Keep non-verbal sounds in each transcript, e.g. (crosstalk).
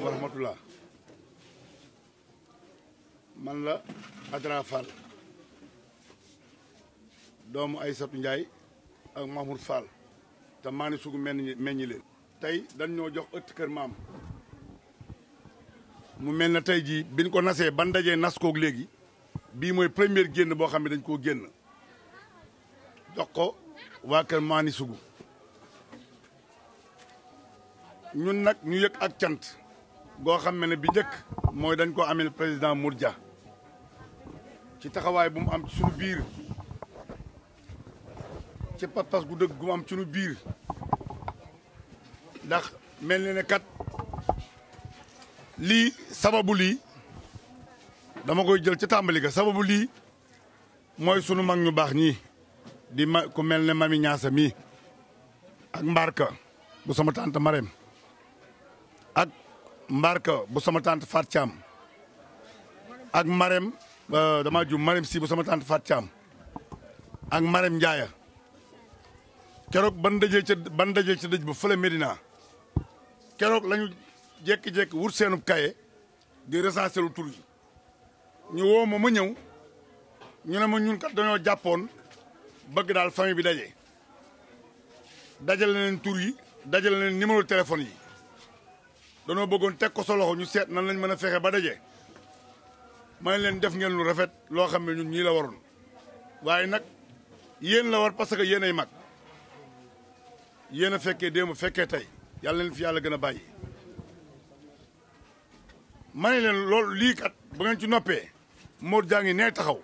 warahmatullah man la Adra Fall doomu Aysatu Njaay ak Mahmoud Fall te maani sugu meññ meññi leen tey dañ ñoo jox ëtt kër maam mu mel na tey jii biñ ko nasee ban dajee nas koog léegi bii mooy première génn boo xam ne dañ koo génn jox ko waa kër maani sugu ñun nag ñu yëg ak cant goo xam ne bi njëkk mooy dañ ko amel président Mourdia ci taxawaay bu mu am ci biir ci pas-pas gu dëgg gu mu am ci nu biir ndax mel na ne kat lii sababu lii dama koy jël ci tàmbali ga sababu lii mooy sunu mag ñu baax ñi di ma ku mel ne mami ñaasa mii ak mbarka bu sama tante ak mbarka bu sama tante Fat Thiam ak marem dama ju Marème euh, si bu sama Fat Thiam ak Marème Ndiaye kérok ban dajé ci ban dajé ci dëj bu fële Médina kérok lañu jekki-jekki wut seenub kayé di recenser lu tur yi ñu woma ma ma ñëw ñu ne ma ñun kat dañoo jàppoon bëgg dal famille bi dajé dajal nañ tour yi dajal nañ numéro téléphone yi dañoo bëggoon tek ko so loxo ñu sét nan lañ mëna fexé ba dajé may leen def ngeen lu rafet lo xamné ñun ñi la waroon waye nak yeen la war parce que mag yéen a fekkee démb fekkee tey yàlla leen fi yàlla gën a bàyyi ma ne leen lool lii kat ba ngeen ci noppee Modou jaa ngi nee taxaw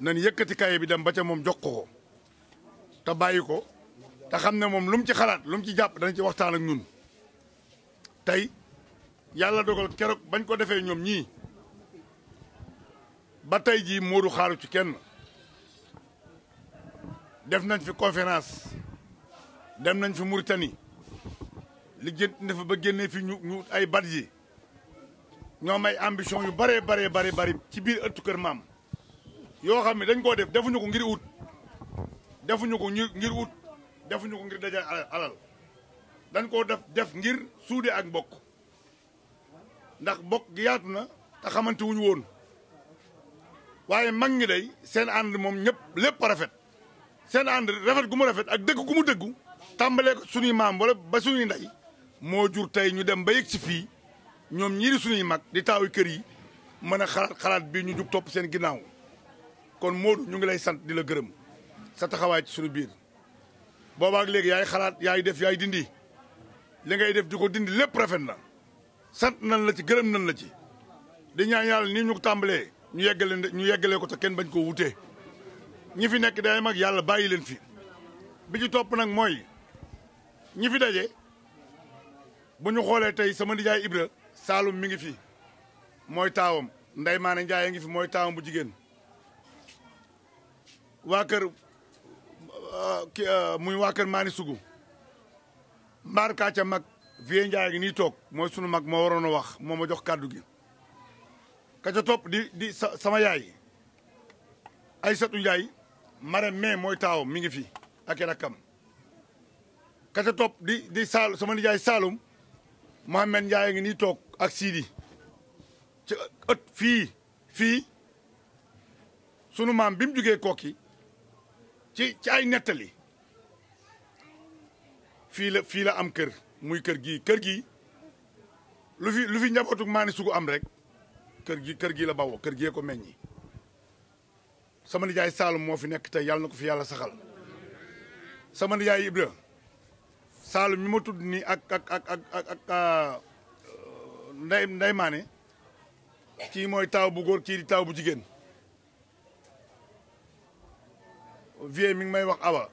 nañ yëkkati kaye bi dem ba ca moom jox ko te bàyyi ko te xam ne moom lu ci xalaat lu ci jàpp dana ci waxtaan ak ñun tey yàlla dogal keroog bañ ko defee ñoom ñii ba tey jii Modou xaaru ci kenn def nañ fi conférence dem nañ fi Mauritanie li gën ne fa ba génnee fi ñu ñu ay badji ñoom ay ambition yu bëree baree bëri bëri ci biir ëttu kër maam yoo xam ne dañ koo def defuñu ko ngir ut defuñu ko ngir ut defuñu ko ngir dajal alal dañ koo def def ngir suude ak mbokk ndax mbokk gi yaatu na te xamante woon waaye mag ñi day seen ànd moom ñëpp lépp rafet seen ànd rafet gu mu rafet ak dëgg gu mu dëggu tàmbalee ko suñuy maam wala ba suñuy ndey moo jur tey ñu dem ba yëg si fii ñoom ñii di suñuy mag di taawu kër yi mën a xalaat xalaat bii ñu jug topp seen ginnaaw kon Modou ñu ngi lay sant di la gërëm sa taxawaay ci suñu biir. boobaak léegi yaay xalaat yaay def yaay dindi li ngay def di ko dindi lépp rafet na sant nan la ci gërëm nan la ci di ñaan yàlla nii ñu ko tàmbalee ñu yeggale ñu yeggalee ko te kenn bañ koo wutee ñi fi nekk day mag yàlla bàyyi leen fi bi ci topp nag mooy. ñi fi daje bu ñu xoolee tey sama nijaay Ibra Saalum mi ngi fi mooy taawam Ndeye Maane a ngi fi mooy taawam bu jigéen waa kër euh, euh, muy waa kër Maani Sugu mbaar kaaca mag vie Ndiaye ngi nii toog mooy sunu mag moo waroon wax moo ma jox kàddu gi ca topp di di sama yaay Aysatu Ndiaye mare mai mooy taawam mi ngi fi ak rakkam kata top di di sal, sama nijaay jai salum mahmen jai nii tok aksi di ci fi fi sunu mam bim mu koki ci ci ay netali fi la fi la am keur muy keur kergi keur gi lu fi lu fi njabotuk mani ni sugu am rek keur gi keur gi la bawo keur gi ko meññi sama jay salum mo fi nek yalla nako fi yalla saxal sama jay ibrahim Saalum mi ma tudd nii ak ak ak ak ak uh, nday nday maane kii mooy taaw bu góor kii di taaw bu jigéen vie mi ngi may wax awa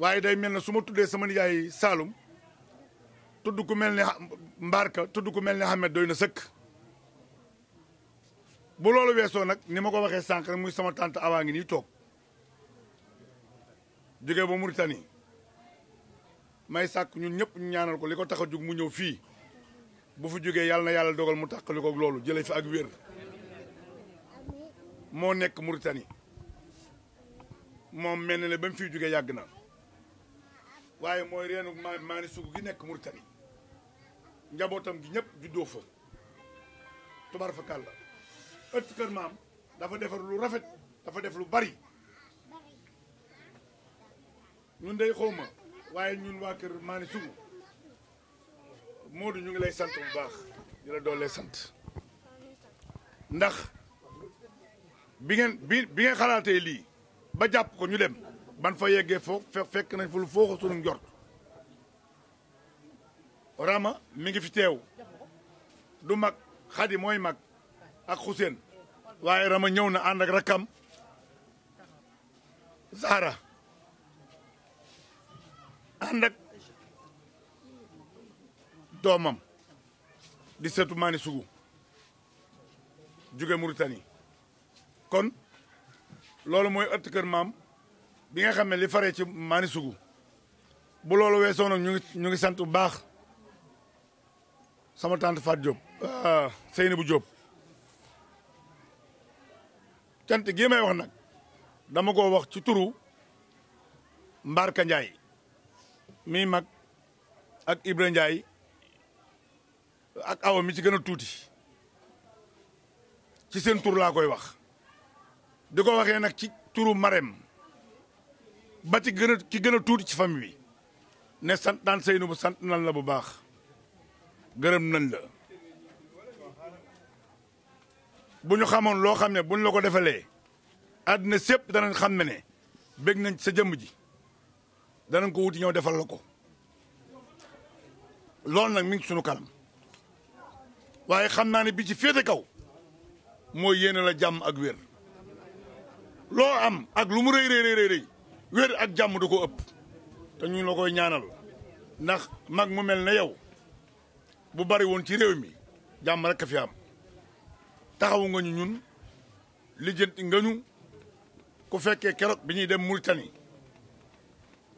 waaye day mel ne su ma tuddee sama nijaay Saalum tudd ku mel ne Mbarka tudd ku mel ni Ahmed doy na sëkk bu loolu weesoo nag ni ma ko waxee sànq muy sama tante awa ngi nii toog jóge ba Mauritanie may sàkk ñun ñëpp ñu ñaanal ko li ko tax a jug mu ñëw fii bu fu jógee yàlla na yàlla dogal mu tàqali ko loolu jëlee fi ak wér moo nekk mu Mauritanie moom mel na ne ba mu fiy jógee yàgg na waaye mooy reenu ma maani sugu gi nekk Mauritanie njabootam gi ñëpp juddoo fa tubar fa kàlla ëtt kër maam dafa defar lu rafet dafa def lu bari ñun day xawma waaye ñun waa kër Mané Sougou Modou ñu ngi lay sant bu baax di la doole sant ndax bi ngeen xalaatee lii ba jàpp ko ñu dem ban fa yeggee foo fekk nañ fa lu foo ko sunu njort Rama mi ngi fi teew du mag Xadi mooy mag ak Xuseen waaye Rama ñëw na ànd ak rakkam Zahra andak domam di setu Mané sugu juga Mauritanie kon lalu moy ëtt kër mam bi nga xam li faré ci Mané sugu bu loolu wéso nak ñu ngi ñu ngi sant bu baax sama tante Fatou Diop euh, Seynabou job tante gi may wax nak dama ko wax ci turu Mbarka mi mag ak Ibra Ndiaye ak awa mi ci gën a tuuti ci seen tur laa koy wax di ko waxee nag ci turu Marème ba ci gën a ci gën a tuuti ci famille bi ne sant naan Seynu bu sant nan la bu baax gërëm nañ la bu ñu xamoon loo xam ne buñ la ko defalee àddina sépp dana xam ne ne bég nañ sa jëmm ji Dan ko wuti ñëw defal lako lool nak mi ngi suñu kanam waye xamna ni bi ci kaw moy la jam ak lo am ak lu mu reey reey reey Wer ak jam du ko upp te ñu la koy ñaanal ndax mag mu melne yow bu bari won ci rew mi jam rek fi am taxaw nga ñu ñun nga ñu ku fekke kérok biñuy dem Mauritanie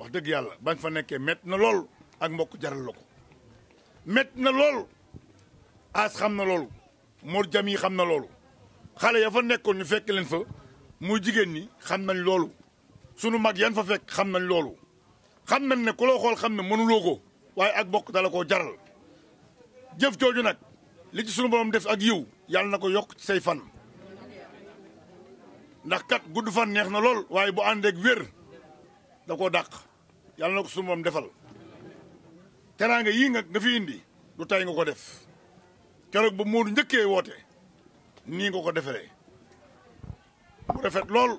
wax dëgg yàlla ba nga fa nekkee mett na lool ak mbokk jaral la ko mett na lool aas xam na loolu moo jam yi xam na loolu xale ya fa nekkoon ñu fekk leen fa muy jigéen ñi xam nañ loolu sunu mag yan fa fekk xam nañ loolu xam nañ ne ku loo xool xam ne mënuloo ko waaye ak bokk dala koo jaral jëf jooju nag li ci sunu borom def ak yiw yàlla na ko yokk ci say fan ndax kat gudd fan neex na lool waaye bu àndeek wér da koo dàq yàlla na ko suñu moom defal teraanga yii nga nga fi indi du tay nga ko def keroog ba Moodu njëkkee woote nii nga ko defaree mu rafet lool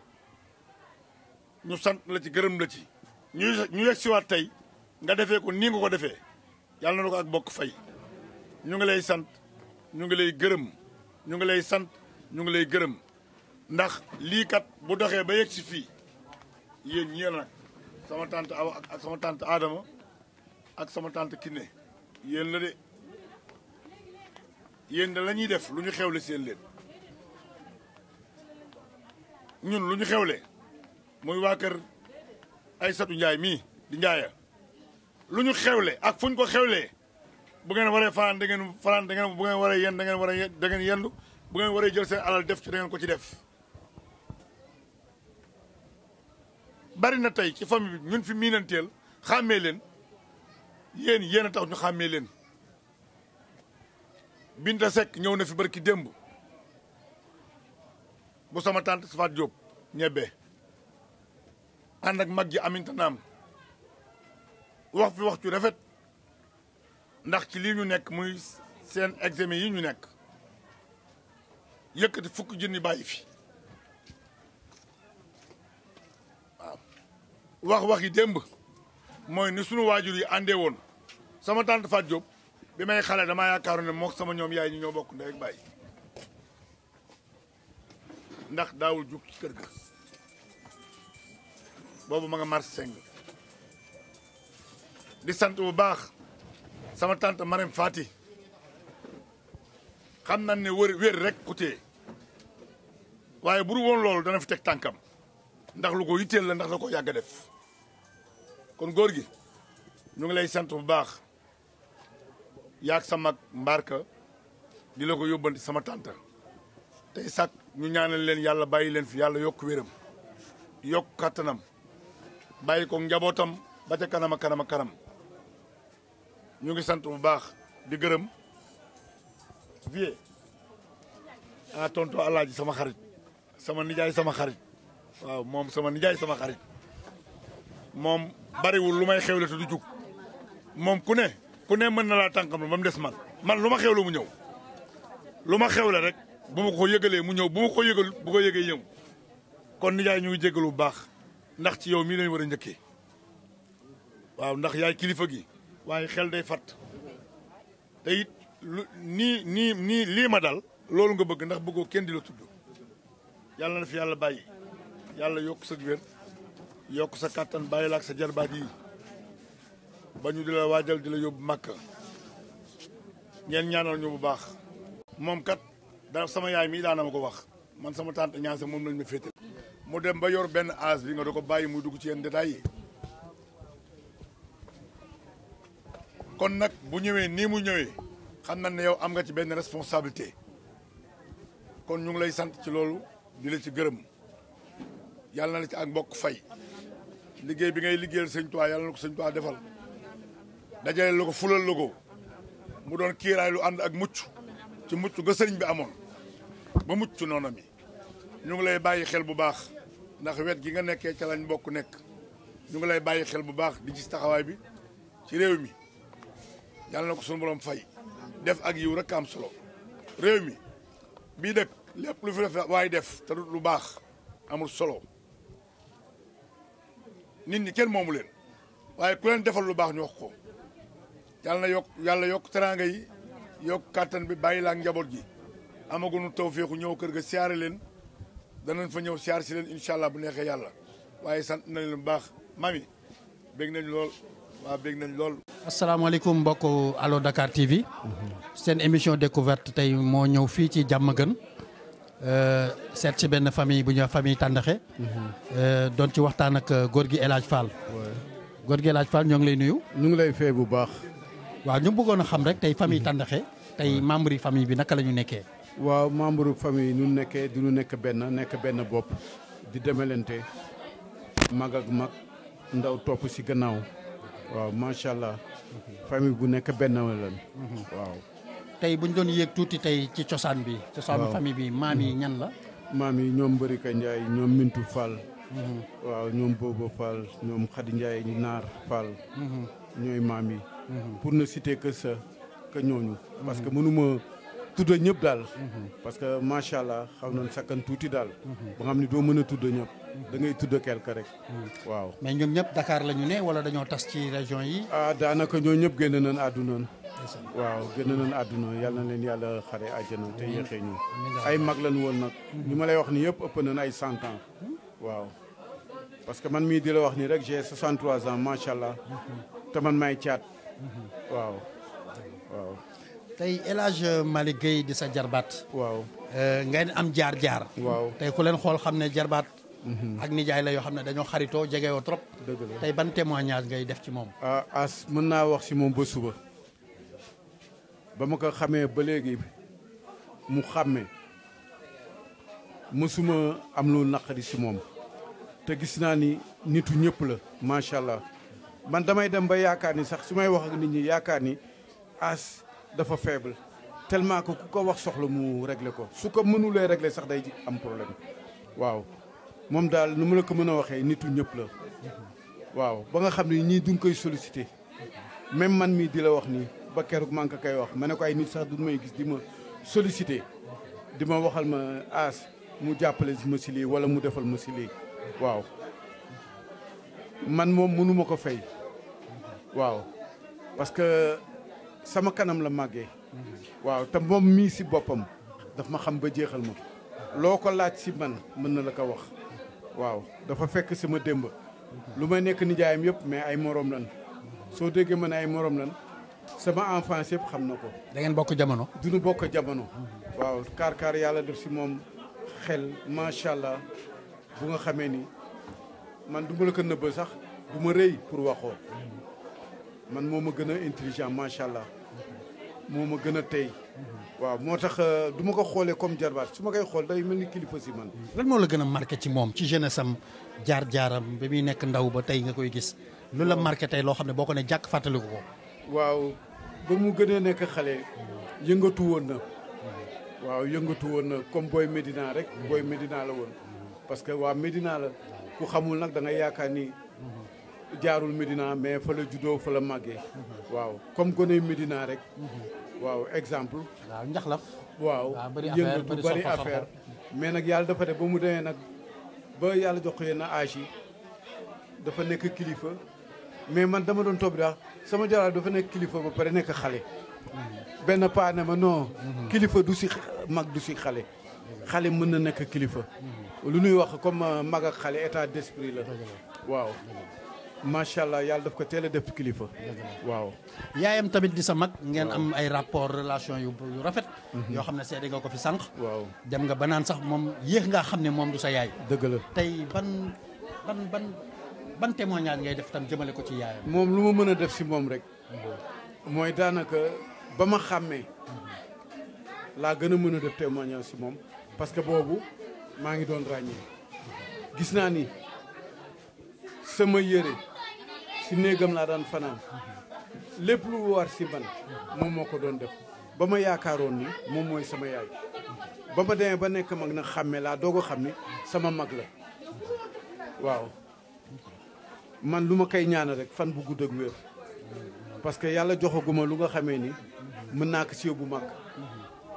ñu sant la ci gërëm la ci ñu ñu yegg siwaat tey nga defee ko nii nga ko defee yàlla na ko ak bokk fay ñu ngi lay sant ñu ngi lay gërëm ñu ngi lay sant ñu ngi lay gërëm ndax lii kat bu doxee ba yegg si fii yéen ñii nag sama tànt Awa ak sama tante Adama ak sama tànt Kiné yéen la de yéen la ñuy def lu ñu xewle seen leen ñun lu ñu xewle mooy waa kër ay satu Njaay mii di Njaaya lu ñu xewle ak fu ñu ko xewlee bu ngeen waree fanaan da ngeen fanaan da ngeen bu ngeen waree yenn da ngeen war a ngeen yendu bu ngeen waree jël seen alal def ci da ko ci def bari na tey ci famille bi ñun fi miinanteel xàmmee leen yéen yéen a tax ñu xàmmee leen Binta sekk ñëw na fi ki démb bu sama tante Safat Diop ñebe ànd ak mag ji aminta naam wax fi wax ci rafet ndax ci lii ñu nekk muy seen examen yi ñu nekk yëkkati fukk junni bàyyi fi wax wax yi démb mooy ni sunu waajur yi àndee woon sama tante Fatou Diop bi may xale dama yaakaaroon ne mook sama ñoom yaay ñu ñoo bokk ndey ak ndax daawul jug ci kër ga boobu ma nga mars seng di sant bu baax sama tante Marème faati xam nañ ne wër wér rek ku téye waaye bu dul woon loolu dana fi teg tànkam ndax lu ko yitteel la ndax da ko yàgg def kon góor gi ñu ngi lay sant bu baax yaag sa mag mbarka di la ko yóbbanti sama tànta tey sàkk ñu ñaanal leen yàlla bàyyi leen fi yàlla yokk wéram yokk kattanam bàyyi ko njabootam ba ca kanam a kanam a kanam ñu ngi sant bu baax di gërëm vie a ah, tonto alaaji sama xarit sama nijaay sama xarit waaw moom sama nijaay sama xarit moom bariwul lu may xewle te du jug moom ku ne ku ne mën na laa tànkam ba mu des man man lu ma xewle mu ñëw lu ma xewle rek bu ma ko yëgalee mu ñëw bu ma ko yëgal bu ko yëgee yëngu kon nijaay ñu ngi jégalu baax ndax ci yow mii lañ war a njëkkee waaw ndax yaay kilifa gi waaye xel day fatt te lu nii nii nii lii ma dal loolu nga bëgg ndax bëggoo kenn di la tudd yàlla na fi yàlla bàyyi yàlla yokk sa wér yok sa kàttan bàyyi sa jarba di la waajal di la yóbbu màkk ngeen ñaanal ñu bu baax mom kat da sama yaay mi daana ma ko wax man sama tante ñaan sa mom lañ mi féetal mu dem ba yor ben âge bi nga ko dugg ci yi kon nak bu ñëwé ni mu ñëwé xam na ne yow am nga ci ben responsabilité kon ñu ngi lay sant ci lolu dila ci gërëm yalla na ci ak mbokk fay liggéey bi ngay liggéeyal sëñ Tuubaa na ko sëñ Tuubaa defal dajale la ko fulal la ko mu doon kiiraay lu ànd ak mucc ci mucc nga sëriñ bi amoon ba mucc noona mi ñu ngi lay bàyyi xel bu baax ndax wet gi nga nekkee ca lañ bokk nekk ñu ngi lay bàyyi xel bu baax di gis taxawaay bi ci réew mi yàlla na ko suñu borom fay def ak yiw rek am solo réew mi bii dëkk lépp lu fi def waay def te lu baax amul solo nit ñi kenn moomu leen waaye ku leen defal lu baax ñu wax ko yàlla na yokk yàlla yokk teraanga yi yokk kàttan bi bàyyi laa njaboot ji gi amagunu tawféexu ñëw kër ga siyaare leen danañ fa ñëw siyaar si leen incha allah bu neexee yàlla waaye sant nañ leen bu baax mami bég nañ lool waa bég nañ lool. asalaamaaleykum mbokk Allo Dakar TV. Mm-hmm. seen émission découverte tey moo ñëw fii ci Diamaguène. Euh, seet ci benn famille bu ñuy wax famille Tàndaxe euh, doon ci waxtaan ak euh, góor gi El Hadj góor gi El Hadj ñoo ngi lay nuyu. ñu ngi lay fay bu baax. waaw ñu bëggoon a xam rek tey famille mhm. Tàndaxe tey membre yi famille bi naka la ñu nekkee. waaw membre famille nu nekkee du ñu nekk benn nekk benn bopp di demelante mag ak mag ndaw topp ci gannaaw waaw macha allah mhm. bu nekk benn la mhm. tey bu ñu doon yéeg tuuti tey ci cosaan bi. cosaanu famille bi maam yi ñan la. maam yi ñoom Mbarika Ndiaye ñoom Mintu Fall. Mhm. waaw ñoom Bobo Fall ñoom Khady Ndiaye Naar Fall. Mhm. ñooy maam yi. Mhm. pour na citer que ça ñooñu. parce que mënuma tudd ñëpp daal. parce que macha allah xam nañ sakkan tuuti daal. ba xam ni doo mën a tudd ñëpp. da ngay tudd quelque rek. waaw mais ñoom ñëpp Dakar la ne wala dañoo tas ci région yi. Ah, daanaka ñoo ñëpp génn nañ àdduna. waaw gën a nañ àdduna yal na leen yàlla xare àjjana te yéexee ñu ay mag lan woon nag li ma lay wax ni yëpp ëpp nañ ay cent ans waaw parce que man mii di la wax ni rek j'ai 63 ans macha allah te man maay caat waaw waaw tey El mali Malick di sa jarbaat waaw eh, ngeen am jaar-jaar waaw tey ku leen xool xam ne jarbaat mhm. ak nijaay la yoo xam ne dañoo xaritoo jegewoo trop dëgg tey ban témoignage ngay def ci moom ah as mën naa wax si moom ba suba ba mu ko xamee ba léegi mu xàmme mësuma am lu naqari si moom te gis naa ni nitu ñëpp la macha allah man damay dem ba yaakaar ni sax su may wax nit ñi yaakaar ni as dafa faible tellement que ku ko wax soxla mu régler ko su ko mënulee regle sax day am problème waaw moom daal nu mu la ko mën a waxee nitu ñëpp la waaw ba nga xam ne ñii duñ koy sollicité même man mii di la wax nii ba keroog maa ngi koy wax ma ne ko ay nit sax du may gis di ma sollicité di ma waxal ma aas mu jàppale ma si lii wala mu defal ma si lii waaw man moom mënuma ko fay waaw parce que sama kanam la màggee waaw te moom mii si boppam daf ma xam ba jeexal ma loo ko laaj si man mën na la ko wax waaw dafa fekk si ma démb lu may nekk nijaayam yëpp mais ay morom lan soo déggee ma ne ay morom lan sama enfant yëpp xam na ko. da ngeen bokk jamono. duñu bokk jamono. waaw kaar kaar yàlla def si moom xel macha allah bu nga xamee ni man du ma la ko nëbb sax du ma rëy pour waxoo man moo ma gën a intelligent macha allah moo ma gën a tey. waaw moo tax du ma ko xoolee comme jarbaat su ma koy xool day mel ni kilifa si man. lan moo la gën a marqué ci moom ci jeunesse am jaar jaaram ba muy nekk ndaw ba tey nga koy gis. lu la marqué tey loo xam ne boo ko ne jàkk fàttaliku ko. waaw ba mu gënee nekk xale yëngatu woon na waaw yëngatu woon na comme booy Médina rek booy Médina la woon parce que waa Médina la ku xamul nag da yaakaar ni jaarul Médina mais fa la juddoo fa la màggee waaw comme gone Médina rek waaw exemple waaw njaxlaf waaw yëngatu bëri affaire mais nag yàlla dafa def ba mu demee nag ba yàlla jox ko yenn âge yi dafa nekk kilifa mais man dama doon toog daal sama jaraaf dafa nekk kilifa ba pare nekk xale. benn paa ne ma non. kilifa du si mag du si xale. xale mën na nekk kilifa. lu nuy wax comme euh, mag xale état d'esprit la. waaw macha allah yàlla daf ko teel a def kilifa. waaw. yaayam tamit di sa mag. ngeen am ay rapport relation yu rafet. Mhm. yoo xam ne seede nga ko fi sànq. waaw dem nga ba naan sax moom yéex ngaa xam ne moom du sa yaay. dëgg la tey ban ban ban. ban ngay def tam jëmale ko ci yaayam. moom lu ma mën a def si moom rek. Mm-hmm. mooy daanaka ba ma xàmmee. laa gën a mën a def témoignage si moom parce que boobu maa ngi doon ràññee. Mm-hmm. gis naa ni sama yére si néegam laa daan fanaan mm-hmm. lépp lu war si man moom moo ko doon def ba ma yaakaaroon ni moom mooy sama yaay. ba ma demee ba nekk mag na xàmmee laa doog a xam ni sama mag la waaw. man lu ma koy ñaanal rek fan bu gudd ak wér parce que yàlla joxaguma lu nga xamee ni mën naa ko si yóbbu mag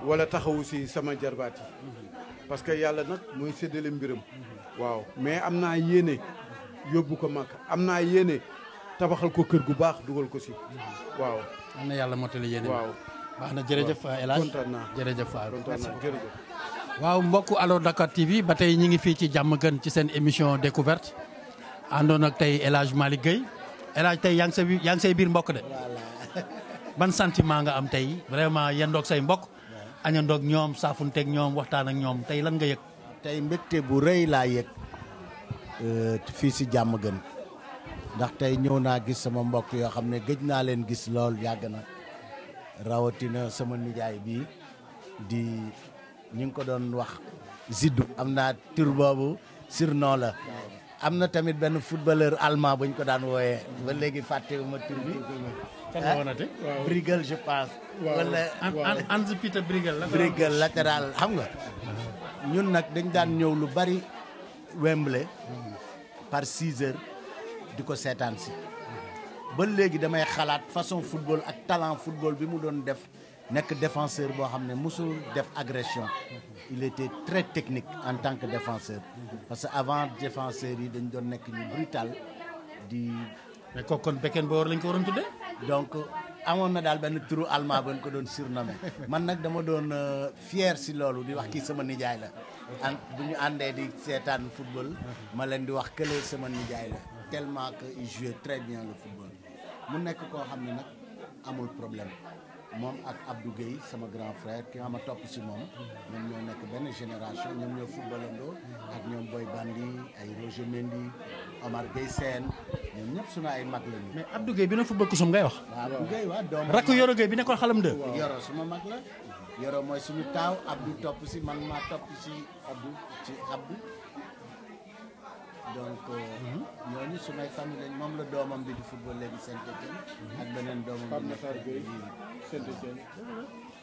wala taxawu si sama jarbaat yi que yàlla nag mooy séddale mbiram waaw mais am naa yéene yóbbu ko mag am naa yéene tabaxal ko kër gu baax dugal ko si waaw am na yàlla mottali yéene waaw baax na jërëjëf El Hadj kontaan naa jërëjëf kontaan naa waaw mbokku Allo Dakar TV ba tey ñi ngi fii ci jàmm gën ci seen émission découverte àndoon ak tey El Hadj Malick Gueye El Hadj tey yaa ngi say biir mbokk de. (laughs) ban maa nga am tey vraiment yendoog say mbokk. añandoog ñoom saafunteeg ñoom waxtaan ak ñoom tey lan nga yëg. tey mbégte bu rëy laa yëg. Euh, fii si jàmm gën. ndax tey ñëw naa gis sama mbokk yoo xam ne gëj naa leen gis lool yàgg na rawatina sama nijaay bii di ñu ngi ko doon wax. Zidou am naa tur boobu surnom la. am na tamit benn footballeur allemand bañ ko daan wooyee ba léegi fàttewuma tur bi. Ah, Briegel je pense. wala Hans Peter Briegel la. Briegel latéral xam nga. ñun nag dañ daan ñëw lu bari wemble par six heures di ko seetaan si. ba léegi damay xalaat façon football ak talent football bi mu doon def nekk défenseur boo xam ne mosul def agression. il était très technique en tant que défenseur. Parce qu'avant, défenseur, il était brutal. Di... Mais quand Beckenbauer l'a tuddé Donc, avant na daal benn turu allemand ba ñu ko doon surnommé man nag dama euh, fier si loolu di wax kii sama nijaay la an bu ñu àndee di seetaan football ma leen di wax kële sama nijaay la tellement que il jouait très bien le football mu nekk koo xam ne amul problème moom ak Abdou Guèye sama grand frère ki nga ma topp si moom ñoom ñoo nekk benn génération ñoom ñoo footballandoo ak ñoom Boy Bandi ay Roger Mendy Omar Guèye Sène ñoom ñëpp sunu ay mag lañu mais Abdou Guèye bi na football kusum ngay wax waaw Abdou Guèye waaw doom rakk Yoro Guèye bi nekkoon xalam dë Yoro suma mag la Yoro mooy suñu taaw Abdou topp si man maa topp si Abdou ci Abdou donc euh, mhm. ñooñu su may famille lañ moom la doomam bi di football léegi Saint-Étienne ak beneen doomam bi nekk Saint-Étienne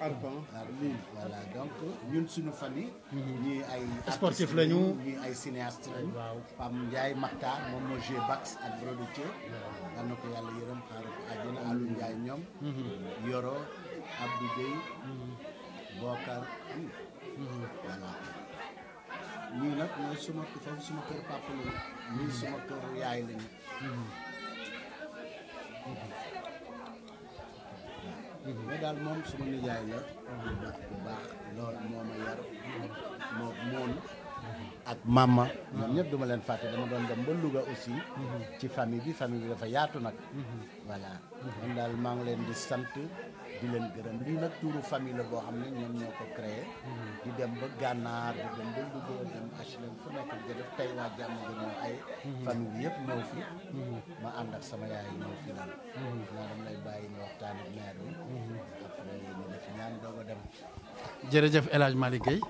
Arpan Lille voilà donc ñun suñu famille mhm. ñii ay sportif lañu ñii ay cinéaste lañu Pam Ndiaye Makhtar moom moo joué Bax ak Brodouché daan na ko yàlla yërëm xaaru ko àjjana mhm. Alou Ndiaye ñoom yoro Abdou Gueye Bokar voilà ñii nag mooy suma foofu suma kër papa lañu suma kër yaay lañu mais daal moom suma nijaay la bu baax bu baax lool moo ma yar moo moom ak mama ñoom ñëpp duma leen fàtte dama doon dem ba Louga aussi ci famille bi famille bi dafa yaatu nag voilà man daal maa leen di sant di leen gërëm lii nag tuuru famille la boo xam ne ñoom ñoo ko créé. Mm-hmm. di dem ba gànnaar di dem ba Louga dem ay. Mm-hmm. famille yëpp ñëw fi. Mm-hmm. ma ànd ak sama yaay ñëw fi nag. bàyyi jërëjëf El Hadj Malick Guèye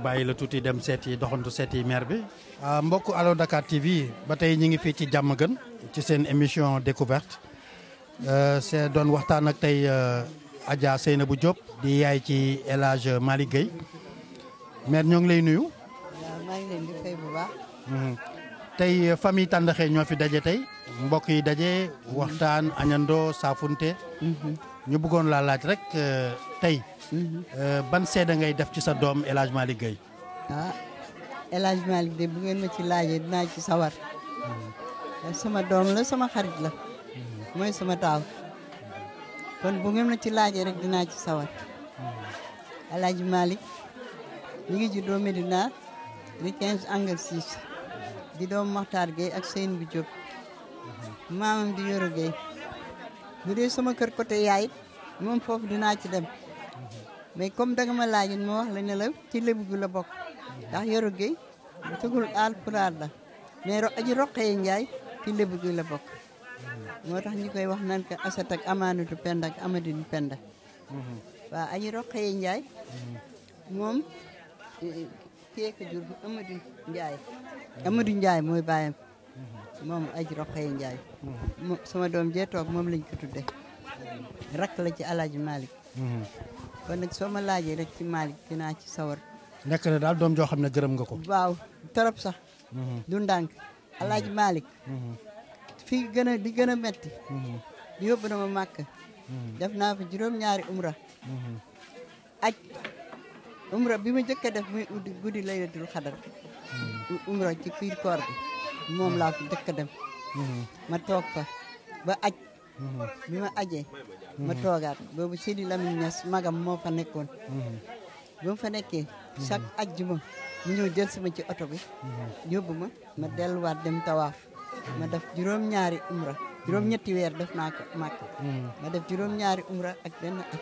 bàyyi la tuuti dem seeti doxantu seeti maire bi. Ah, mbokk aloo Dakar TV ba tey ñi ngi fii ci jàmm gën ci seen émission découverte. c'est euh, doon waxtaan ak tey euh, Adja bu Diop di yaay ci El Hadj Malick Gueye ñoo ngi lay nuyu. waaw maa ngi leen mm-hmm. tey euh, famille Tàndaxee ñoo fi daje tey mbokk yi daje mm-hmm. waxtaan añandoo saafunte mm-hmm. ñu bëggoon laa laaj rek tey. ban seede ngay def ci sa doom El Hadj Malick Gueye. ah El Hadj de bu ma ci laajee dinaa ci sawar. sama doom la sama xarit la. moy sama taw kon bu ngeen na ci laaj rek dina ci sawat Alaaji malik mi ngi ci juddoo Medina ni 15 angle 6 di doom Maxtaar ge ak seen bu Diop maam di Yoro ge bu de sama kër côté yaay mom fofu dina ci dem mais comme da nga ma laajin mo wax la ne la ci lebu gu la bok ndax Yoro Gueye tugul Alpulaar la mais ro aji Roqee Njaay ci lebu gu la bok moo tax ñu koy wax nan ko Asset ak Amaanatu Penda ak Amadine Penda mhm. waaw añi Roqaye Njaay mhm. moom kee ko jur Amadou Njaay Amadou Njaay mooy baayam mhm. moom aji Roqaye Njaay sama doom jee toog moom lañ ko tudde rakk la ci Alaaji Malick kon nag soo ma laajee rek ci Malick dinaa ci sawar nekk na daal doom joo xam ne gërëm nga ko waaw trop sax du ndànk Alaaji fii gën di gën a metti di mhm. yóbbu na ma màkk mhm. def naa fi juróom-ñaari umra mhm. aj umra bi ma njëkk a def muy uddi guddi laylatul xadar umra ci biir koor bi moom laa fi njëkk a dem ma toog fa ba aj bi ma ajee ma toogaat boobu Sidi Lamine Niass magam moo fa nekkoon ba mu fa nekkee chaque ajjuma mu ñëw jël sama ci oto bi yóbbu ma ma delluwaat dem tawaaf ma def juróom-ñaari umra juróom weer def naa ko hmm. def juróom-ñaari umra ak benn at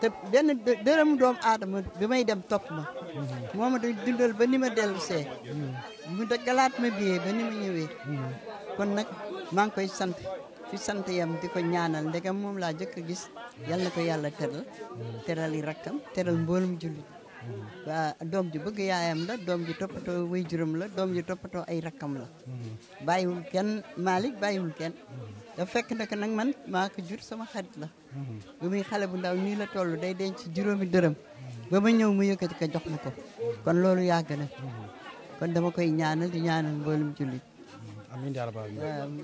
te benn dërëmu doomu aadama bi may dem topp ma hmm. moo ma dundal ba ni ma dellu see hmm. mu daggalaat ma biyee ba ni ma ñëwee kon nag maa ngi koy sant fi sant yam di ko ñaanal ndegam moom laa jëkk a gis yal na ko yàlla tëral tëral yi rakkam tëral mboolum jullit waa doom ji bëgg yaayam la doom ji toppatoo juróom la doom ji toppatoo ay rakkam la bàyyiwul kenn Malick bàyyiwul kenn dafa fekk nag nag man maa ko jur sama xarit la ba muy xale bu ndaw nii la toll day denc juróomi dërëm ba ma ñëw mu yëkkati ko jox ma ko kon loolu yàgg na kon dama koy ñaanal di ñaanal mboolum jullit amiin yaa rabbi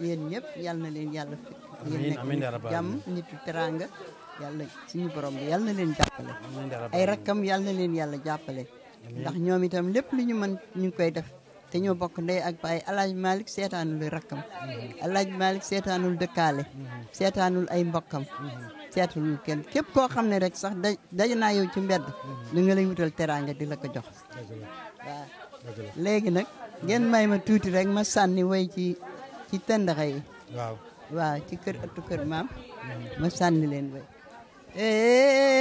yéen ñëpp yal na leen yàlla fi yéen nekk nit jàmm nitu teranga yàlla suñu borom bi yàlla na leen jàppale ay rakkam yàlla na leen yàlla jàppale ndax ñoom itam lépp lu ñu mën ñu ngi koy def te ñoo bokk ndey ak baay alaaj malik seetaanul rakkam alaaj malik seetaanul dëkkaale seetaanul ay mbokkam seetaanul kenn képp koo xam ne rek sax daj naa yow ci mbedd li nga lay wutal teraanga di la ko jox waaw léegi nag ngeen may ma tuuti rek ma sànni way ci ci tëndaxa yi waaw ci kër ëttu kër maam ma sànni leen way yeah,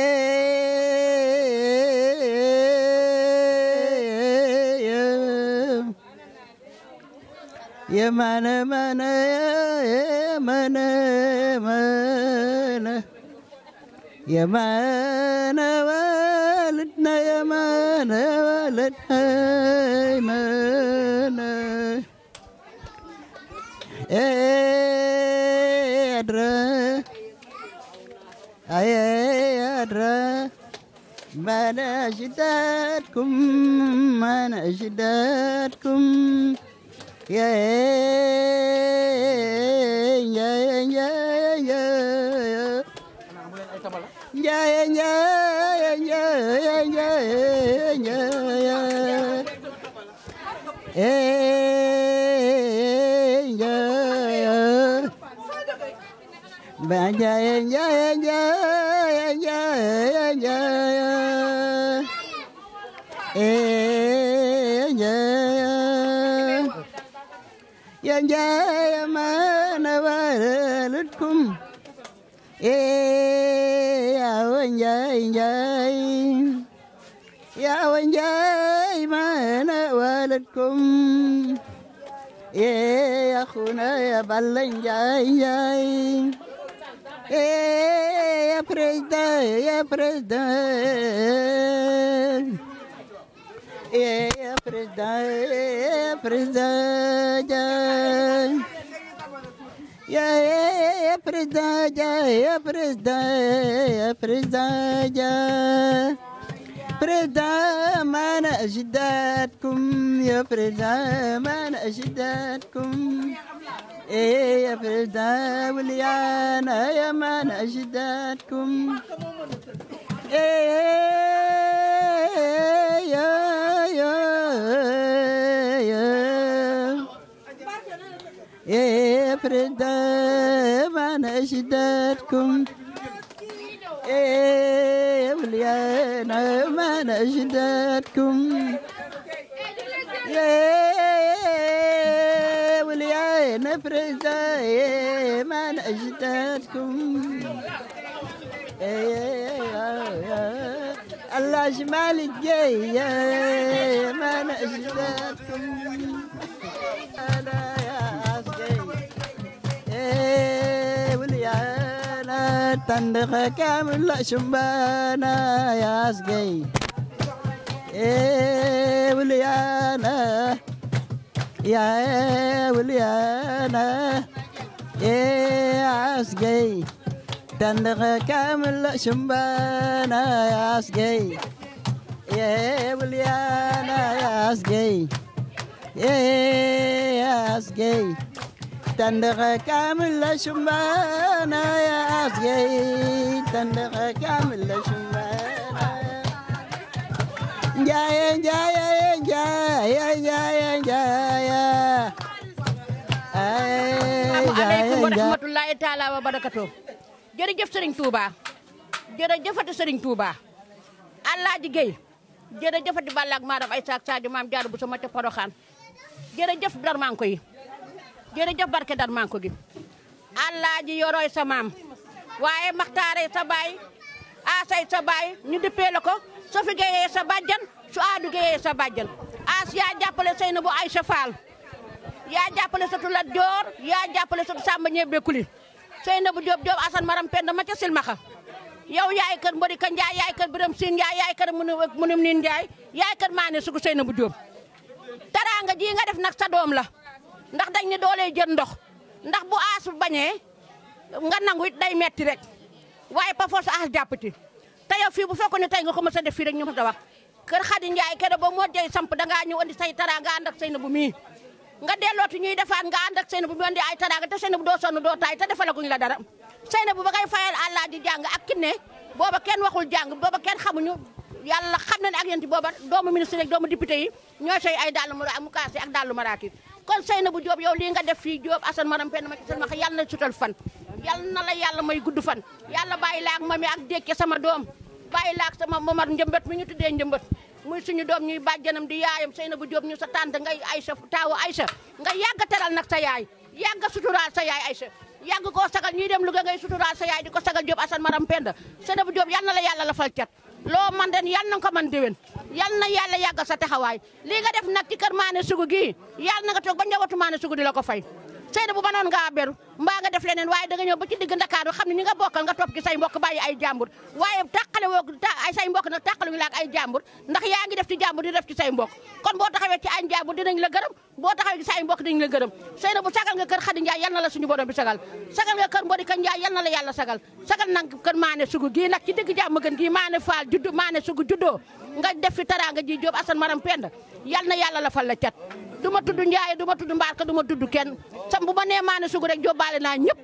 mana yamana mana yamana walatna yamana walatna yamana eh أدرى ما أنا أجدادكم ما أنا أجدادكم يا يا يا يا يا يا يا يا يا يا bè dê dê dê dê dê ê dê dê dê mà nó bờ lút cung ê ao dê dê ao dê mà nó bờ lút cung ê khuna ballen dê dê يا بريزدان يا بريزدان يا بريزدان يا بريزدان يا يا بريزدان يا بريزدان يا بريزدان بردا ما أجدادكم يا بردا ما أجدادكم يا إيه، فردة وليانا يا من أجدادكم إيه يا يا يا إيه فردة أجدادكم إيه وليانا من أجدادكم إيه نفرح دايما أجدادكم الله جمال الجاي ما نجدتكم أنا يا ولي إيه، وليانا تندخ كامل لا شمانا يا أصغي وليانا يا وليانا يا عسقي تندغ كامل شمبانا يا عسقي يا وليانا يا عسقي يا عسقي تندغ كامل شمبانا يا عسقي تندغ كامل شمبانا Jaya, jaya, jaya, jaya, jaya. Asalaamaaleykum wa rahmatullahi taala wa barakatuh. Jërëjëf Serigne Touba. Jërëjëfati Serigne Touba. Alaaji Gueye. Jërëjëfati Balla ak Maram ay saak Sadio maam Jaaru bu sama ca Poroxaan. Jërëjëf darmanko yi. Jërëjëf barke darmanko gi. Alaaji yoroy sa maam. waaye maxtaare sa baay aasay sa baay ñu dippee Sofi geye sa badjan su adu geye sa badjan as jappale seyna bu aisha Fall yaa jàppale satu la Joor ya jàppale satu Samba ñebe seyna bu job job asan Maram pend ma ca Silmaxa yow yaay keur Mbodi Ka nday yaay keur Biram sin Njaay yaay munu munu nin nday yaay ko seyna bu job tara nga ji nga def nak sa dom la ndax dañ ne doolee jeun ndox ndax bu aas bañé nga nangu day metti rek waye pa force as jappati te yow fii bu fekkoon ne tey nga ko mës a def fii rek ñu mës a wax kër Xadi Njaay kede ba moo dee samp dangaa ñëw andi say tara nga ànd ak sëy mii nga dellootu ñuy defaat nga ànd ak sëy na bu mu andi ay taraanga te sëy na bu doo sonn doo taay te defalaguñ la dara sëy na ba ngay fayal àllaa ji jàng ak kinne booba kenn waxul jàng booba kenn xamuñu yàlla xam na ne ak yéen ci booba doomu ministre ak doomu député yi ñoo sey ay dàll mu ak mu bu Jóob yow lii nga def fii Jóob Asan Maram Penda ma ci yal na la yàlla may gudd fan yàlla bàyyi la ak mami ak dékke sama doom bàyyi la ak sama momar njëmbët mi ñu tuddee njëmbët muy suñu doom ñuy bàjjanam di yaayam Seynabou Diop ñu sa tànt ngay Aïcha taawu Aïcha nga yàgg teral nag sa yaay yàgg suturaal sa yaay Aïcha yàgg sagal ñuy dem Louga ngay suturaal sa yaay di ko sagal Diop Assane Maram Penda Seynabou Diop yal na la yàlla la fal cat loo man den yal na ko man déwén yal na yàlla yàggal sa taxawaay lii nga def nag ci kër Mané Sougou gii yal na nga toog ba njabootu Mané Sougou ko fay sëy na bu ba noon ngaa beru mbaa nga def leneen waaye danga ñëw ba ci digg ndakaaru xam ne ñi nga bokkal nga topp ci say mbokk bàyyi ay jàmbur waaye tàqale woo ay say mbokk nag tàqaluñu la ak ay jàmbur ndax yaa ngi def ci jàmbur di def ci say mbokk kon boo taxawee ci ay jàmbur dinañ la gërëm boo taxawee ci say mbokk dinañ la gërëm sëy na bu sagal nga kër Xadi yal na la suñu borom bi sagal sagal nga kër Mbodi Kan Njaay yal na la yàlla sagal sagal nag kër maane sugu gii nag ci digg jàmm gën gii maane faal fi taraanga ji jóob asan maram na yàlla la fal la cat duma tuddu Ndiaye duma tuddu Mbarka duma tuddu tudd kenn sam bu ma nee sugu rek yóbbaale na ñep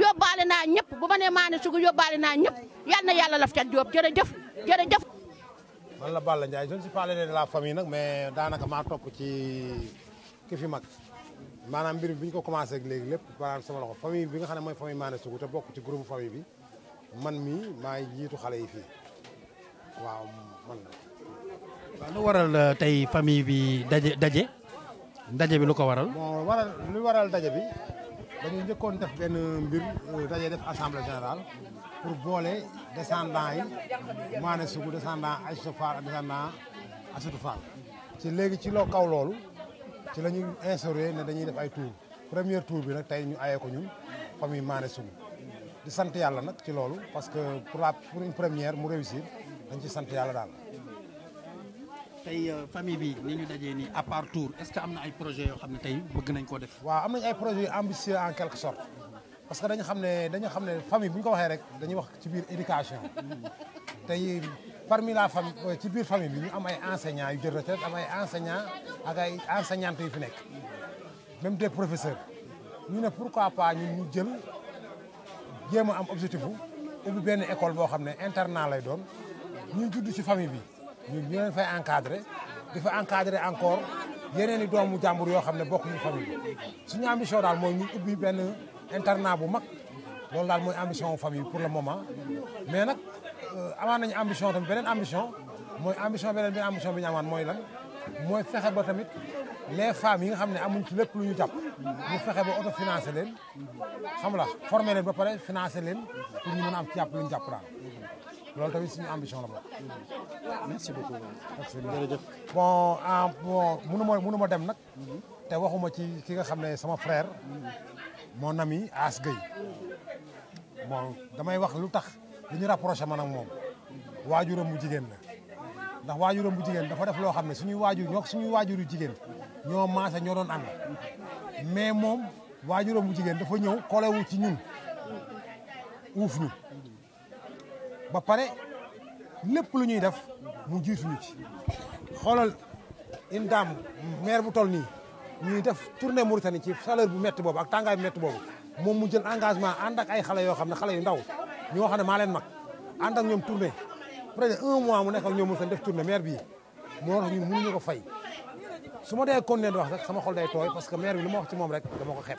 yóbbaale na ñep buma ne mané sugu sugu na ñep yalla yalla na yàlla job jere Diop jere jërëjëf. man la Balla Ndiaye je ne suis pas l'aîné de la famille nak mais danaka ma top ci kifi mak manam mbir biñ ko commencé ak léegi lepp maanaam sama loxo famille bi nga xamné moy famille mané sugu te bok ci groupe famille bi man mi maay jiitu xalé yi fi waaw man la. waaw lu waral euh, tay famille bi dajé dajé ndaje bi lu ko waral. bon waral lu waral ndaje bi dañu njëkkoon def benn mbir euh, daje def assemblée générale pour boole descendant yi Mané Sougou descendant Aïssata Fall ak descendant Assatou ci léegi ci loo kaw loolu ci lañuy ñu instauré ne dañuy def ay tour premier tour bi nag tey ñu ayee ko ñun famille Mané Sougou di sant yàlla nag ci loolu parce que pour la pour une première mu réussir dañ ci sant yàlla daal. tey euh, famille bi ni ñu dajee nii à part est-ce que am na ay projets yoo xam ne tey bëgg nañ koo def. waaw am nañ ay projets yu ambitieux en quelque sorte parce que dañu xam ne dañu xam ne famille bu ñu ko waxee rek dañuy wax ci biir éducation tey parmi la famille ci biir famille bi ñu am ay enseignants yu jël retraite am ay enseignants ak ay enseignantes yu fi nekk même des professeurs ñu ne pour pas ñun ñu jël jéem a am objectif bu benn école boo xam ne internat lay doon ñuy judd ci famille bi. ñun ñoo fay encadré di fa encadré encore yeneen i doomu jàmbur yoo xam ne bokk ñu famille suñu ambition daal mooy ñu ubbi benn internat bu mag loolu daal mooy ambition famille pour le moment nag euh, amaan nañu ambition tamit beneen ambition mooy ambition beneen bi ambition bi ñu mooy lan mooy fexe ba tamit les femmes yi nga xam ne amuñ ci lépp lu ñu jàpp ñu fexe ba autofinancé leen xam la formé leen ba pare financé leen pour ñu mën am ci jàpp lu ñu jàpp daal loolu tamit suñu ambition la bokk. merci beaucoup. merci jërëjëf. bon ah bon mënu ma mënu ma dem nag. te waxuma ci ki nga xam ne sama frère. mon ami As Gueye. bon damay wax lu tax li ñu rapproché man ak moom. waajuram bu jigéen la. ndax waajuram bu jigéen dafa def loo xam ne suñuy waajur ñoo suñuy waajur yu jigéen ñoo maase ñoo doon ànd mais moom waajuram bu jigéen dafa ñëw kolewu ci ñun uuf ñu. ba pare lépp lu ñuy def mu jiituñu ci xoolal une dame maire bu toll nii ñuy def tournée Mauritanie ci chaleur bu mett boobu ak tàngaay bu métti boobu moom mu jël engagement ànd ak ay xale yoo xam ne xale yu ndaw ñoo xam ne maa leen mag ànd ak ñoom tournée presque un mois mu nekk ak ñoom Mauritanie def tournée maire bii moo tax ñun mënuñu ko fay su ma a continuer di sama xol day tooy parce que maire bi lu ma wax ci moom rek dama ko xeeb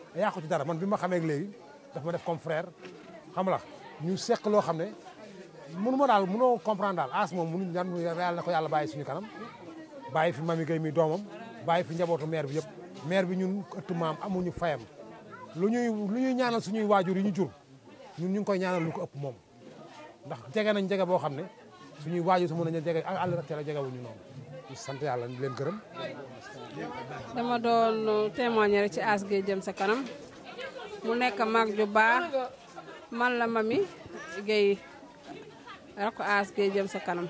yàqu ci dara man bi ma xamee léegi daf ma def comme frère xam la ñu seq loo xam ne mënu ma daal mënoo comprendre daal as moom mënu ñaan yàlla na ko yàlla bàyyi suñu kanam bàyyi fi mami gay mi doomam bàyyi fi njabootu maire bi yëpp maire bi ñun ëtt maam amuñu fayam lu ñuy lu ñuy ñaanal suñuy waajur yi ñu jur ñun ñu ngi koy ñaanal lu ko ëpp moom ndax jege nañ jege boo xam ne suñuy waajur su mën nañu jege àll teel a jege wuñu noonu sant yàlla leen gërëm dama doon témoigner rek ci as gi jëm sa kanam mu nekk mag ju baax man la ma mi rek ko aas gi jëm sa kanam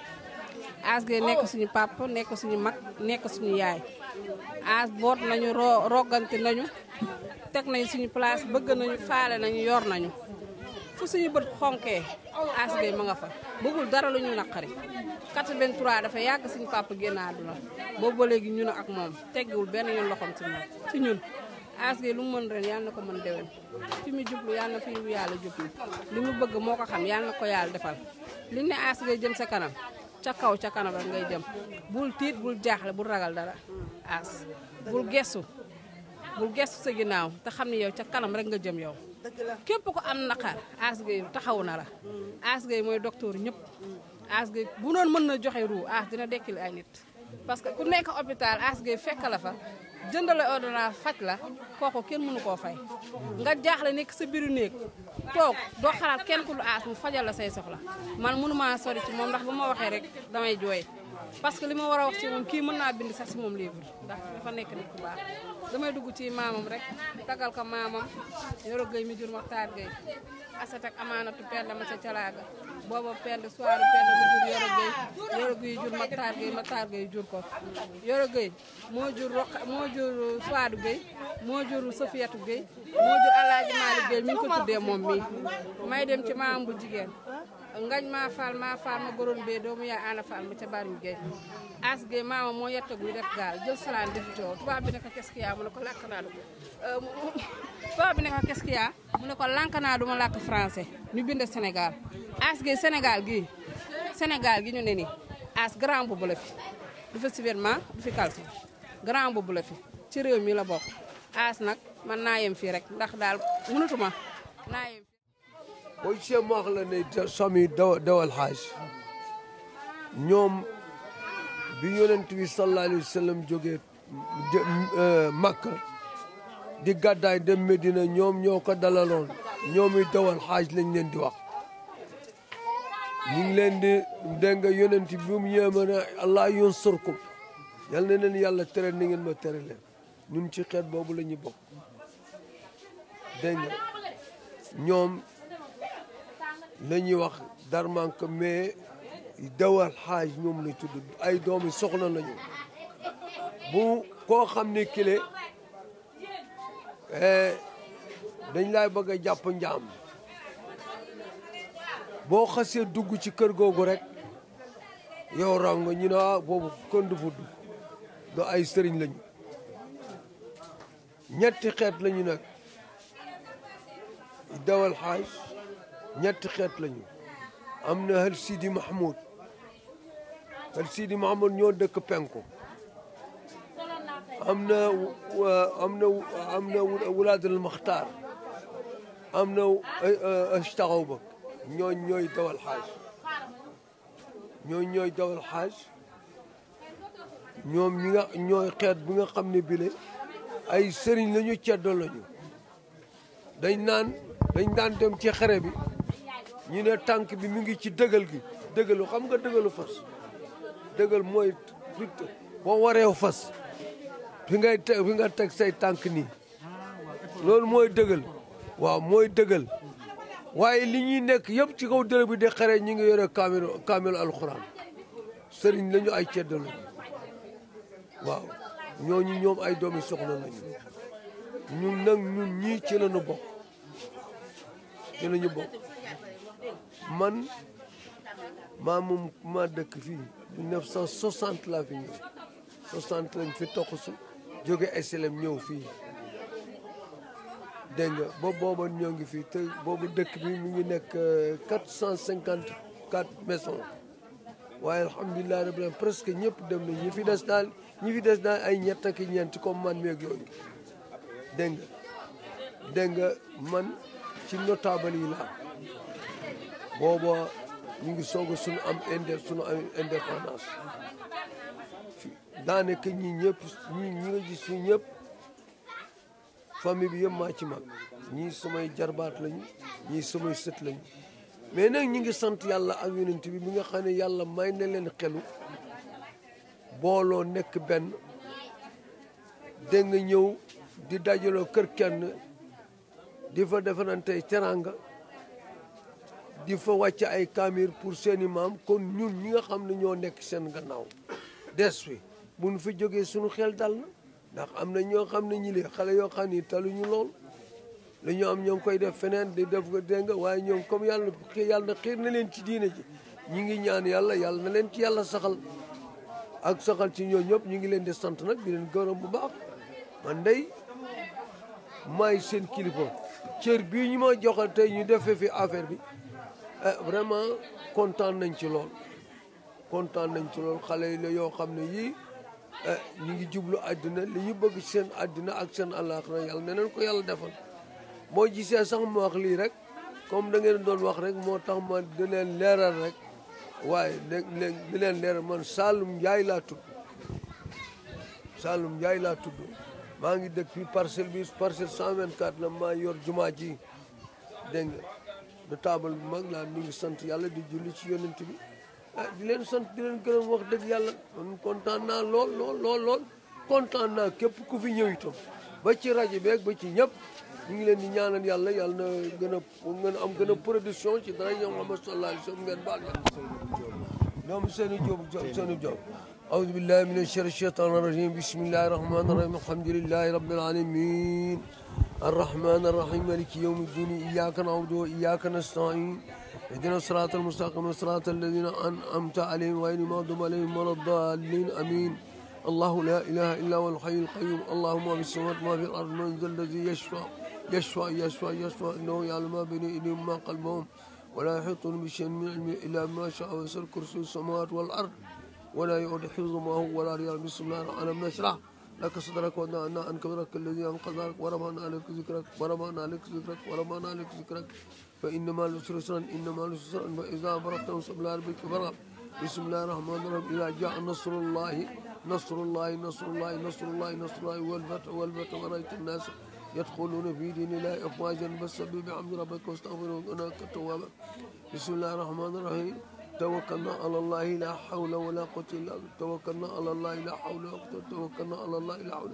aas gi nekk suñu pàpp nekk suñu mag nekk suñu yaay aas boot nañu rogante nañu teg nañu suñu place bëgg nañu faale nañu yoor nañu fu suñu bët xonkee aas bi ma nga fa bëggul dara lu ñu naqari 83 dafa yàgg suñu papa génn àdduna boobu ba léegi ñun ak moom teggiwul benn yoon loxoom ci moom ci ñun aas gi lu mu mën ren yàlla na ko mën déwén fi mu jublu yàlla na fi yàlla jublu li mu bëgg moo ko xam yàlla na ko yàlla defal li ne aas ngay jëm sa kanam ca kaw ca kanam rek ngay jëm bul tiit bul jaaxle bul ragal dara aas bul gestu bul gestu sa ginnaaw te xam ne yow ca kanam rek nga jëm yow képp ko am naqar Ass Gueye taxaw na la Ass Gueye mooy docteur ñëpp Ass Gueye bu noonu mën na joxe ru Ass dina dekkil ay nit parce que ku nekk hôpital Ass Gueye fekk la fa jëndale ordonnance faj la kooku kenn mënu koo fay nga jaaxle nekk sa biiru néeg toog doo xalaat kenn ku lu Ass mu fajal la say soxla man maa sori ci moom ndax bu ma waxee rek damay jooy parce que li ma war a wax ci moom kii mën naa bind sax si moom livre dafa nekk nit ku baax damay dugg ci maamam rek tagal ko maamam Yoro Gueye jur Maxtaar Gueye asat ak amaanatu penda ma sa calaaga booba pend soiru pend mu jur Yoro Gueye jur Maxtaar Gueye Maxtaar jur ko Yoro Gueye moo jur roq moo jur Soadu Gueye moo jur moo jur Alaaji Maalik mi ngi may dem ci maam bu jigéen ngañ ma fal ma fal ma goron be doomu yaa ana fal ma ca barim gay as ge maama moo yetta guy def gaal jël salaan defu too tubaab bi ne ko quest a mu ne ko làkk euh, (laughs) a mu ne ko lànk naa du ma làkk français ñu bind Sénégal as ge Sénégal gi Sénégal gi ñu ne ni as grand boobu la fi du fi survêtement du fi caleçon grand boobu la fi ci réew mi la bokk as nag man naa yem fii rek ndax daal mënatuma naa yem والشيء ما خلاني سامي دوا الحاج ñoom bi yonent bi sallallahu alayhi wa sallam jógee Makka di gàddaay dem Medina ñoom ñoo ko dalaloon ñoom i dawal xaaj lañ leen di wax ñu ngi leen di dégg nga yonent bi bu mu ñëwee ne allah yansurkum yal na leen yàlla tere ni ngeen ma tere leen ñun ci xeet boobu la ñu bokk dégg nga ñoom nañuy wax Darmanka mais dawal xaaj moom la tudd ay doom soxla nañu bu koo xam ne kile eh, dañ lay bëgg a jàpp njaam boo xasee dugg ci kër googu rek yow raw nga ñu ne ah, boobu kon fudd do ay sëriñ lañu ñetti xeet lañu nag dawal xaaj ñetti xeet lañu am na hël Sidi Mahmoud hël Sidi Mahmoud ñoo dëkk penku am na am na am na wulaadul Maxtaar am na ashtaxaw ba ñooñ ñooy dawal xaaj ñooñ ñooy dawal xaaj ñoom ñi nga ñooy xeet bi nga xam ne bile ay sëriñ lañu ceddo lañu dañ naan dañ daan dem ci xare bi ñu ne tànk bi mu ngi ci dëgal gi dëgalu xam nga dëgalu fas dëgal mooy boo waree fas fi ngay nga teg say tànk nii loolu mooy dëgal waaw mooy dëgal waaye li ñuy nekk yëpp ci kaw dërëb bi de xare ñu ngi yore kaamil kaamil alxuraan sëriñ lañu ay ceddo lañu waaw ñooñu ñoom ay doomi soxna lañu ñun nag ñun ñii ci lañu bokk ci lañu bokk man maa moom maa dëkk fii 1960 laa fi ñëw 60 lañ fi toq su jóge SLM ñëw fii dégg nga ba booba ñoo ngi fii te boobu dëkk bi mu ngi nekk 454 euh, maisons waaye alhamdulilah rabbil aalamiin presque ñëpp dem nañ ñi fi des daal ñu fi des daal ay ñett ak ñeent comme man meeg yooyu dégg nga dégg nga man ci notable yi laa booba ñu ngi soog a suñu am inde suñu am indépendance daanaka ñi ñëpp ñi ñi nga gis ñu ñëpp famille bi yëpp maa ci mag ñii samay jarbaat lañu ñii samay sët lañu mais nag ñu ngi sant yàlla ak yonent bi bi nga xam ne yàlla may na leen xelu booloo nekk benn dégg nga ñëw di dajaloo kër kenn di fa defanante ceraanga di fa wàcc ay kaamir pour seeni maam kon ñun ñi nga xam ne ñoo nekk seen gannaaw des fi mun fi jógee suñu xel dal na ndax am na ñoo xam ne ñi li xale yoo xam ni taluñu lool la ñu am ñoo ngi koy def feneen di def nga dégg nga waaye ñoom comme yàlla yàlla xiir na leen ci diine ji ñi ngi ñaan yàlla yàlla na leen ci yàlla saxal ak saxal ci ñoo ñëpp ñu ngi leen di sant nag di leen gërëm bu baax ma day maay seen kilifa cër bii ñu ma joxal tey ñu defee affaire bi Eh, vraiment kontaan nañ ci lool kontaan nañ ci lool xale yi la yoo xam ne yii eh, ñu ngi jublu àddina li ñu bëgg seen àddina ak seen àllaaxira yàlla neneen ko yàlla defal boo gisee sax ma wax lii rek comme da ngeen doon wax rek moo tax ma di leeral rek waaye di leen leeral man Saloum Ndiaye laa tudd Saloum Ndiaye laa tudd maa ngi dëkk fii parcelle bi parcelle 124 la maa yor jumaa ji dégg nga de taabal bu mag laa nuyu sant yàlla di julli ci yonent bi ah di leen sant di leen gërëm wax dëgg yàlla man kontaan naa lool lool lool lool kontaan naa képp ku fi ñëw itam ba ci rajo beeg ba ci ñëpp ñu ngi leen di ñaanal yàlla yàlla na gën a ngeen am gën a production ci dara ñoom Muhammad sallallahu alayhi wa sallam ngeen baal ñoom seeni Jóob seeni Jóob aoudu billahi min ashar shaytan irajim bismillahi rahmani الرحمن الرحيم مالك يوم الدين إياك نعبد وإياك نستعين اهدنا الصراط المستقيم صراط الذين أنعمت عليهم غير المغضوب عليهم ولا الضالين آمين الله لا إله إلا هو الحي القيوم اللهم في السماوات ما في الأرض من ذا الذي يشفع يشفع يشفع يشفع إنه يعلم ما بين إيديهم ما قلبهم ولا يحيطون بشيء من علمه إلا ما شاء ويسر كرسي السماوات والأرض ولا يعود حفظ ما هو ولا رياض بسم الله الرحمن الرحيم لك صدرك وانا عن كبرك الذي أنقذك ورفعنا عليك ذكرك ورفعنا عليك ذكرك ورفعنا عليك ذكرك فإنما العسر يسرا إنما العسر يسرا فإذا فرغت انصب إلى ربك فارغب بسم الله الرحمن الرحيم إذا جاء نصر الله نصر الله نصر الله نصر الله نصر الله والفتح والفتح ورأيت الناس يدخلون في دين الله أفواجا بس بحمد ربك واستغفره إنك توابا بسم الله الرحمن الرحيم توكلنا على الله لا حول ولا قوة إلا بالله توكلنا على الله لا حول ولا قوة توكلنا على الله لا حول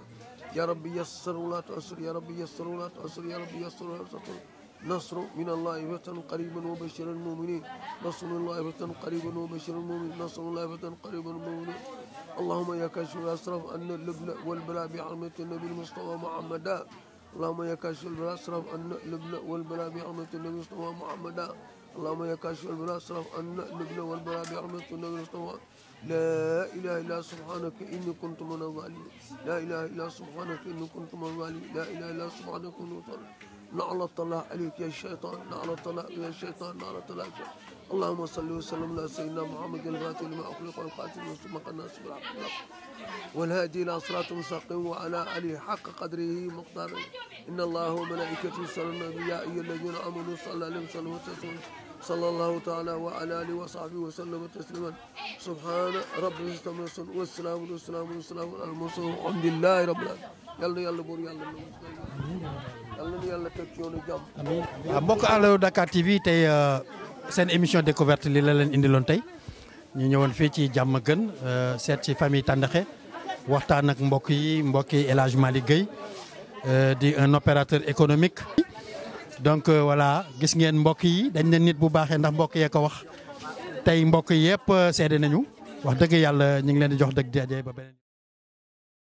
يا رب يسر ولا تعسر يا رب يسر ولا تعسر يا رب يسر ولا تعسر نصر من الله فتح قريبا وبشر المؤمنين نصر من الله فتح قريبا وبشر المؤمنين نصر من الله فتح قريبا المؤمنين اللهم يا كاشف الاسراف أن اللبن والبلاء بعلمة النبي المصطفى محمدا اللهم يا كاشف الاسراف أن اللبن والبلاء بعلمة النبي المصطفى محمدا اللهم يا كاشف البلاء اصرف عنا النبل والبلاء برحمتك النبي المصطفى لا إله إلا سبحانك إني كنت من الظالمين لا إله إلا سبحانك إني كنت من الظالمين لا إله إلا سبحانك إني كنت لعن الله عليك يا شيطان لعن الله يا شيطان لعن الله اللهم صل وسلم على سيدنا محمد الفاتح لما أخلق والقاتل المسلم الناس بالحق والهادي إلى صراط مستقيم وعلى آله حق قدره مقداره إن الله وملائكته يصلون يا أيها الذين آمنوا صلى عليه وسلم صلى الله تعالى وعلى اله وصحبه وسلم تسليما سبحان رب وسلم والسلام والسلام والسلام على المرسلين الحمد لله رب العالمين يلا يلا بور يلا يلا يلا تكيون جام بوك على دكار تي في تي سين ايميشن ديكوفرت لي لا لين اندي لون تي ني نيوان في تي جام گن سيت سي فامي تاندخه وقتان ak mbok yi mbok elage mali geuy euh di un opérateur économique donc euh, voilà gis ngeen mbokk yi dañ ne nit bu baaxé ndax mbokk yee ko wax tay mbokk yépp euh, sédé nañu wax dëgg yàlla ñu ngi leen di jox dëgg jaajee ba beneen